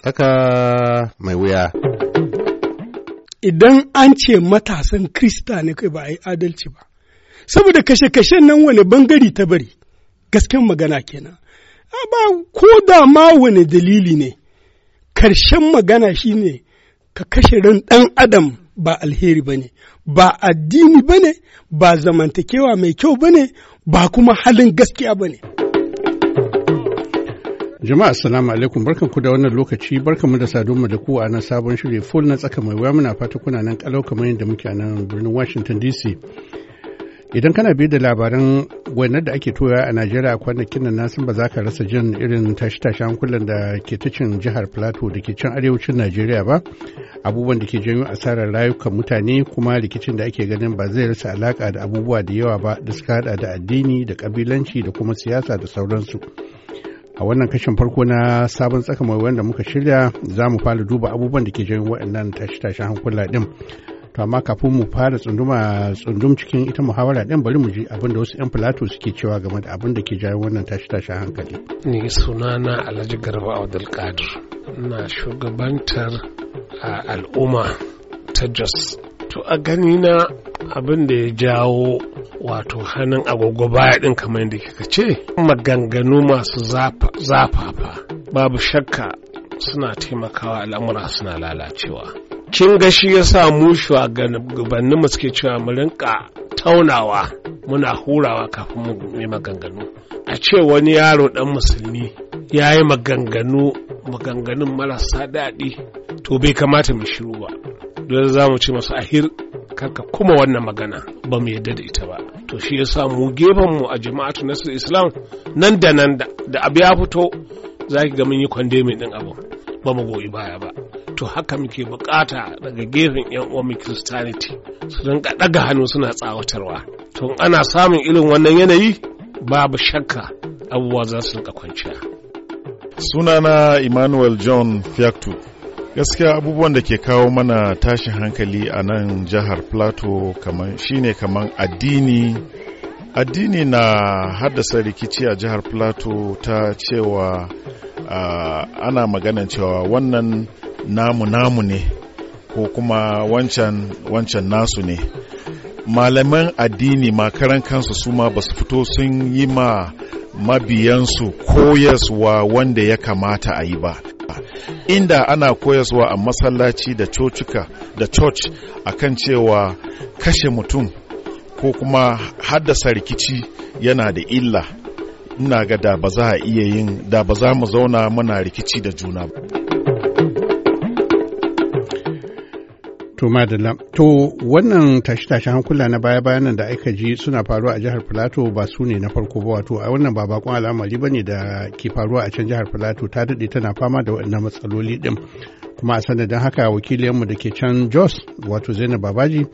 Tsaka mai wuya. Idan an ce matasan Krista ne kai ba a yi adalci ba, saboda kashe kashe nan wani bangare ta bari, gasken magana kenan. Ba ko da ma wani dalili ne, karshen magana shi ne ka kashe ran ɗan adam ba alheri ba ne, ba addini ba ne, ba zamantakewa mai kyau ba ne, ba kuma halin gaskiya ba ne. Jama'a assalamu alaikum barkan ku da wannan lokaci barkan mu da saduwa da ku a nan sabon shirye full na tsaka mai wuya muna fata kuna nan kalau kamar yadda muke a nan birnin Washington DC. Idan kana bi da labaran wainar da ake toya a Najeriya kwanakin nan sun ba za ka rasa jin irin tashi-tashi kullum da ke ta jihar Plateau da ke cin arewacin Najeriya ba abubuwan da ke janyo asarar rayukan mutane kuma rikicin da ake ganin ba zai rasa alaka da abubuwa da yawa ba da suka hada da addini da kabilanci da kuma siyasa da sauransu. a wannan kashin farko na sabon tsaka mai wanda muka shirya za mu fara duba abubuwan da ke janyo waɗannan tashi tashi hankula ɗin to amma kafin mu fara tsunduma tsundum cikin ita muhawara ɗin bari mu ji abin da wasu 'yan filato suke cewa game da abin da ke jawo wannan tashi tashi hankali ni sunana alhaji garba abdulkadir na shugabantar a al'umma ta jos to a gani na abin da ya jawo wato hannun agogo baya ɗin kamar yadda kika ce maganganu masu zafafa babu shakka suna taimakawa al'amura suna lalacewa kin ga shi yasa mu shugabanni mu suke cewa mu rinka taunawa muna hurawa kafin mu yi maganganu a ce wani yaro dan musulmi ya yi maganganu maganganun marasa daɗi to bai kamata mu shiru ba don za mu ce masu ahir karka kuma wannan magana ba mu yadda da ita ba to shi sa mu gefen mu a jama'atu nasir islam nan da nan da abu ya fito za ki ga mun yi mai din abu ba mu goyi baya ba to haka muke bukata daga gefen yan uwan christianity su don daga hannu suna tsawatarwa to ana samun irin wannan yanayi babu shakka abubuwa za su kwanciya sunana emmanuel john fiactu gaskiya abubuwan da ke kawo mana tashin hankali a nan jihar plateau kaman shine kaman addini addini na haddasa rikici a jihar plateau ta cewa uh, ana maganan cewa wannan namu namu ne ko kuma wancan nasu ne malaman addini makaran kansu su ma basu fito sun yi ma mabiyansu koyaswa wanda ya kamata a yi ba inda ana koyaswa a masallaci da cocuka da church akan cewa kashe mutum ko kuma haddasa rikici yana da illa ina ga da ba za a iya yin da ba za mu zauna muna rikici da juna ba To madalla, to wannan tashe-tashen hankula na baya-bayan da aika ji suna faruwa a jihar Filato ba su ne na farko ba wato a wannan ba bakon al'amari ba ne da ke faruwa a can jihar Filato ta daɗe tana fama da waɗannan matsaloli ɗin. Kuma a sanadin haka wakilinmu da ke can Jos wato Zainab Babaji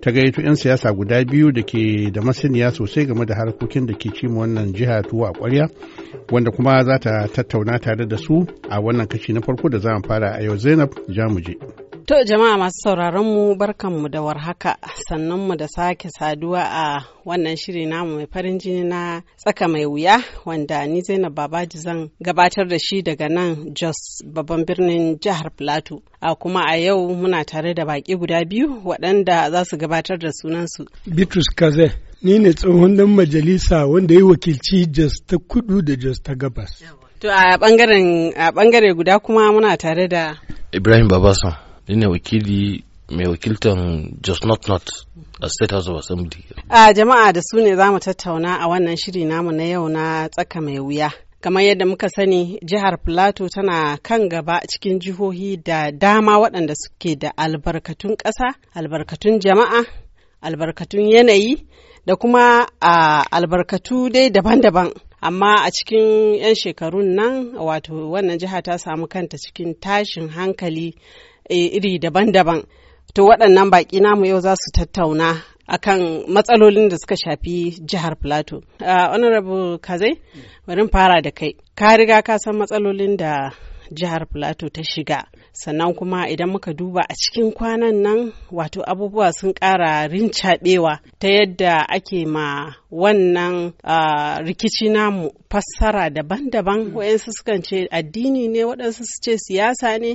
ta gayyato 'yan siyasa guda biyu da ke da masaniya sosai game da harkokin da ke cimo wannan jiha tuwa kwarya wanda kuma za ta tattauna tare da su a wannan kashi na farko da za mu fara a yau Zainab Jamuje. To jama'a masu sauraron mu barkanmu da warhaka sannan mu da sake saduwa a wannan shiri namu mai farin jini na tsaka mai wuya wanda ni Zainab Babaji zan gabatar da shi daga nan Jos babban birnin jihar Plateau. A kuma a yau muna tare da baki guda biyu waɗanda za su gabatar da sunansu. Bitrus Kaze ni ne tsohon dan majalisa wanda ya wakilci Jos ta kudu da Jos ta gabas. To a bangare guda kuma muna tare da Ibrahim Babasan. ne wakili mai wakiltan just not not a state house of assembly a jama'a da su ne za mu tattauna a wannan shiri namu na yau na tsaka mai wuya kamar yadda muka sani jihar plateau tana kan gaba cikin jihohi da dama waɗanda suke da albarkatun ƙasa albarkatun jama'a albarkatun yanayi da kuma a albarkatu dai daban-daban amma a cikin 'yan shekarun nan wato wannan jiha ta samu kanta cikin tashin hankali Eh, iri daban-daban. To waɗannan baƙi namu yau za su tattauna akan matsalolin da suka shafi jihar Plateau. Ah, Honorable Kazai, bari fara da kai. Ka riga ka san matsalolin da jihar Plateau ta shiga. Sannan kuma idan muka duba a cikin kwanan nan wato abubuwa sun ƙara rincaɓewa ta yadda ake ma wannan rikici namu fassara daban-daban mm. wayansu sukan ce addini ne waɗansu su ce siyasa ne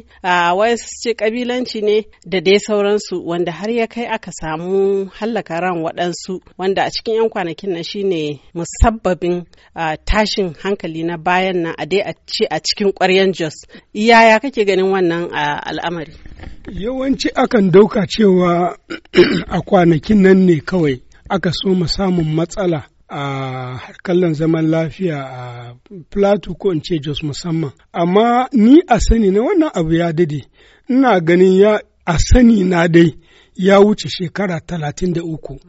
wayansu su ce ƙabilanci ne da dai sauransu wanda har ya kai aka samu hallaka ran waɗansu wanda a cikin 'yan kwanakin nan shine musabbabin tashin hankali na bayan nan a dai a ce a cikin ƙwaryan jos iyaya kake ganin wannan al'amari yawanci akan dauka cewa a kwanakin nan ne kawai aka so mu samun matsala a kallon zaman lafiya a plateau ko in ce jos musamman amma ni a sani na wannan abu ya dade ina ganin ya a sani na dai ya wuce shekara talatin da uku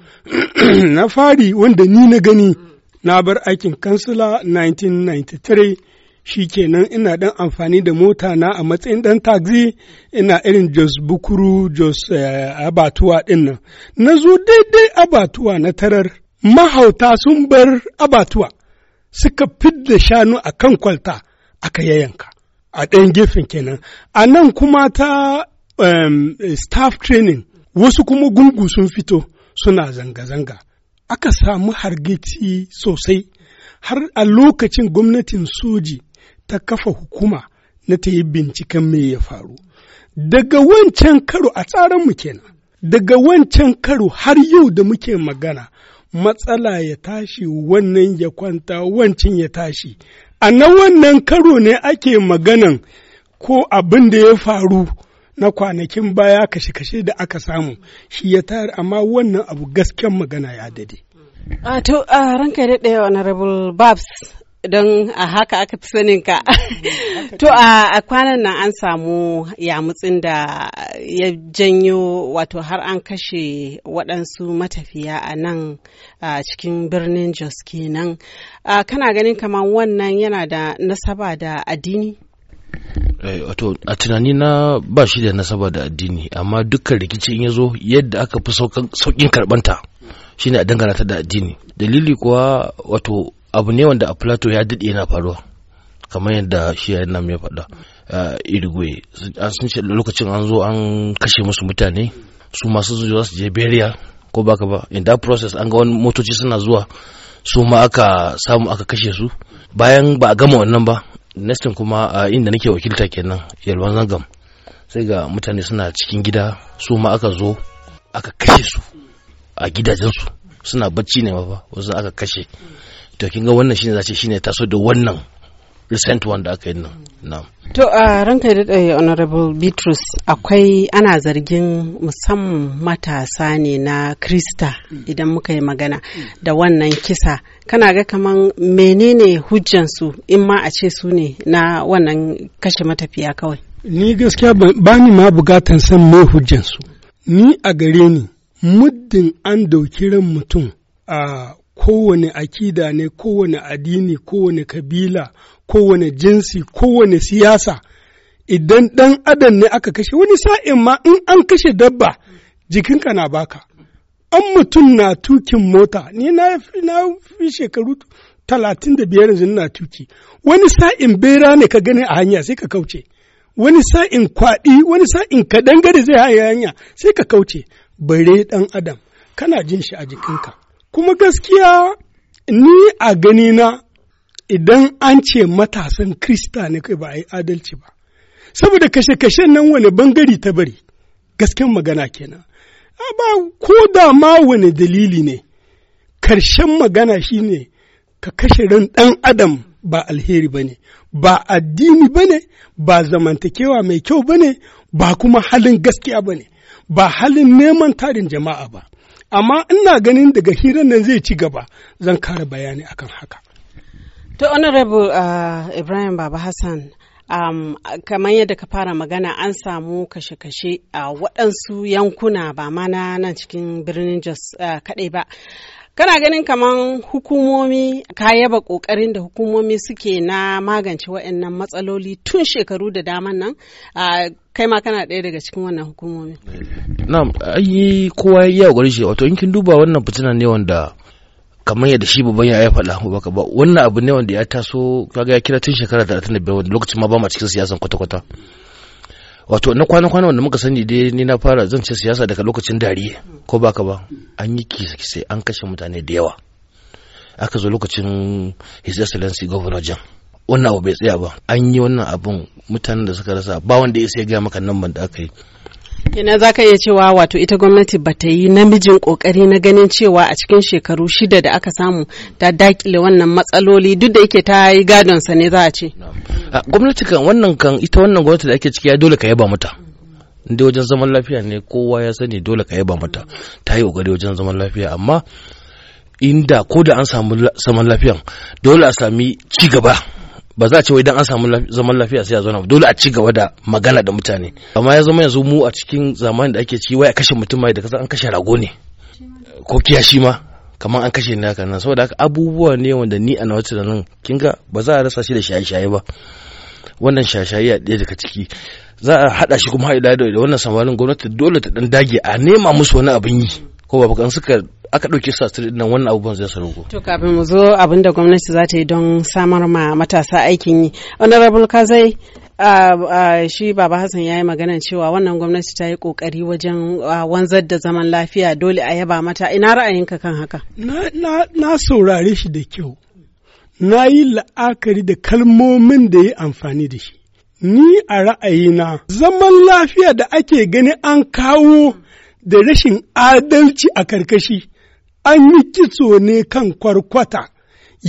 na fari wanda ni na gani na bar aikin kansila 1993 shi kenan ina ɗan amfani da mota na a matsayin ɗan taxi ina irin jos bukuru jos eh, abatuwa ɗin nan na zo daidai abatuwa na tarar mahauta sun bar abatuwa suka fidda shanu a kan kwalta aka yayanka a ɗayan gefen kenan a nan kuma ta staff training wasu kuma gungu sun fito suna zanga-zanga aka samu hargitsi sosai har a lokacin gwamnatin soji ta kafa hukuma na ta yi binciken mai ya faru. Daga wancan karo a muke kenan, daga wancan karo har yau da muke magana, matsala ya tashi wannan ya kwanta wancan ya tashi. A na wannan karo ne ake maganan ko abin da ya faru na kwanakin baya kashe-kashe da aka samu shi ya tayar amma wannan abu gasken magana ya dade. A to a ranka daɗe honorable Babs don a haka aka fi sanin ka mm, to a kwanan nan an samu yamutsin da ya janyo wato har an kashe waɗansu matafiya a nan a cikin birnin jos kenan kana ganin kamar wannan yana da nasaba da addini eh, wato a tunani na ba shi da nasaba da addini amma dukkan rikici in ya zo yadda aka fi saukin karbanta shine a dangana ta da addini dalili kuwa wato abu ne wanda a plato ya daɗe yana faruwa kamar yadda shi yayin nan ya faɗa irigwe sun ce lokacin an zo an kashe musu mutane su masu zuwa su je beriya ko baka ba in that process an ga wani motoci suna zuwa su ma aka samu aka kashe su bayan ba a gama wannan ba nestin kuma a inda nake wakilta kenan yalwan zangam sai ga mutane suna cikin gida su ma aka zo aka kashe su a gidajensu suna bacci ne ma ba wasu aka kashe to kin ga wannan shine zace shine taso da wannan recent one da aka yi nan na'am to a ranka da dai honorable Bitrus akwai ana zargin musamman matasa ne na Krista idan muka yi magana da wannan kisa kana ga kaman menene hujjansu in ma a ce su ne na wannan kashe matafiya kawai ni gaskiya ba ni ma bukatan san me hujjansu ni a gare ni muddin an dauki ran mutum a kowane akida ne kowane addini kowane kabila kowane jinsi kowane siyasa idan ɗan adam ne aka kashe wani sa'in ma in an kashe dabba jikinka na baka an mutum na tukin mota ni na fi shekaru talatin da biyar yanzu na tuki wani sa'in bera ne ka gani a hanya sai ka kauce wani sa'in kwaɗi wani sa'in kaɗan gari zai haya hanya sai ka kauce bare ɗan adam kana jin shi a jikinka Kuma gaskiya ni a gani na idan an ce matasan Krista ne kai ba a yi adalci ba. Saboda kashe-kashen nan wani bangare ta bari, gasken magana kenan. Ba ko da ma wani dalili ne, karshen magana shine ka kashe ran ɗan adam ba alheri ba ne, ba addini ba ne, ba zamantakewa mai kyau ba ne, ba kuma halin gaskiya ba ne, ba halin neman tarin jama'a ba. amma ina ganin daga hirar nan zai ci gaba zan kara bayani akan haka to honorable uh, ibrahim baba hassan um, kamar yadda ka fara magana an samu kashe-kashe a uh, waɗansu yankuna ba mana na nan cikin birnin jos uh, kaɗai ba kana ganin kamar hukumomi ka yaba kokarin da hukumomi suke na magance waɗannan matsaloli tun shekaru da daman nan uh, kai ma kana ɗaya daga cikin wannan hukumomi. Na ai kowa ya yi shi wato in kin duba wannan fitina ne wanda kamar yadda shi babban ya faɗa baka ba wannan abu ne wanda ya taso kaga ya kira tun shekara biyar wanda lokacin ma ba ma cikin siyasan kwata-kwata. Wato na kwana-kwana wanda muka sani dai ni na fara zan ce siyasa daga lokacin dari ko baka ba an yi kisa-kisa an kashe mutane da yawa. Aka zo lokacin His Excellency Governor Jan. wannan abu bai tsaya ba an yi wannan abun mutanen da suka rasa ba wanda ya sai gaya maka nan da aka yi Yana za ka iya cewa wato ita gwamnati ba ta yi namijin kokari na ganin cewa a cikin shekaru shida da aka samu ta dakile wannan matsaloli duk da yake ta yi gadonsa ne za a ce. Gwamnati kan wannan kan ita wannan gwamnati da ake ciki ya dole ka yaba mata. Inda wajen zaman lafiya ne kowa ya sani dole ka yaba mata ta yi kokari wajen zaman lafiya amma inda ko da an samu zaman lafiyan dole a sami ci gaba. ba za a ce wai idan an samu zaman lafiya sai a zauna dole a ci gaba da magana da mutane amma ya zama yanzu mu a cikin zamani da ake ci wai a kashe mutum mai da kasa an kashe rago ne ko kiyashi ma kamar an kashe ni haka nan saboda haka abubuwa ne wanda ni a da nan kin ga ba za a rasa shi da shaye-shaye ba wannan shaye-shaye a ɗaya daga ciki za a haɗa shi kuma haɗa da wannan samarin gwamnati dole ta ɗan dage a nema musu wani abin yi ko ba kan suka aka ɗauki sasiri nan wannan abubuwan zai sarugo. To kafin mu zo abin da gwamnati za ta yi don samar ma matasa aikin yi. Honorable Kazai shi Baba Hassan ya yi maganan cewa wannan gwamnati ta yi kokari wajen wanzar da zaman lafiya dole a yaba mata ina ra'ayinka kan haka. Na saurare shi da kyau. Na yi la'akari da kalmomin da ya amfani da shi. Ni a ra'ayina zaman lafiya da ake gani an kawo da rashin adalci a karkashi an yi kitso ne kan kwarkwata,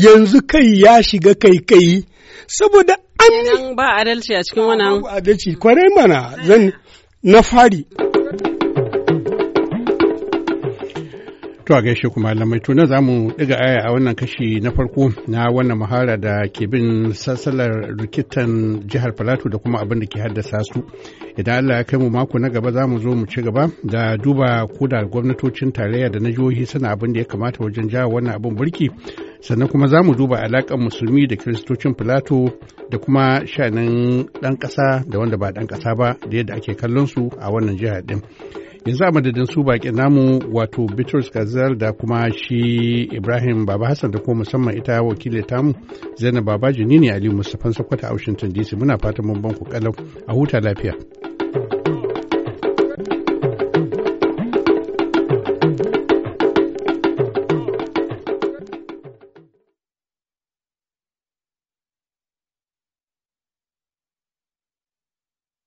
yanzu kai ya shiga kai-kai, saboda an yi. ba adalci a cikin wannan. Adalci, kwarai mana zan na fari. To a gaishe kuma malamai to na zamu ɗiga aya a wannan kashi na farko na wannan muhara da ke bin sassalar rikitan jihar Filato da kuma abin da ke haddasa su. Idan Allah ya kai mu mako na gaba zamu zo mu ci gaba da duba ko da gwamnatocin tarayya da na jihohi suna abin da ya kamata wajen jawo wannan abin burki. Sannan kuma za mu duba alaƙar musulmi da kiristocin Filato da kuma sha'anin ɗan ƙasa da wanda ba ɗan ƙasa ba da yadda ake kallon su a wannan jihar ɗin. yanzu a madadin su baƙi namu wato bitrus gazal da kuma shi ibrahim baba hassan da kuma musamman ita wakile tamu zainab babaji ni ne aliyu mustapha sakwata a washington dc muna fatan mun ku kalau a huta lafiya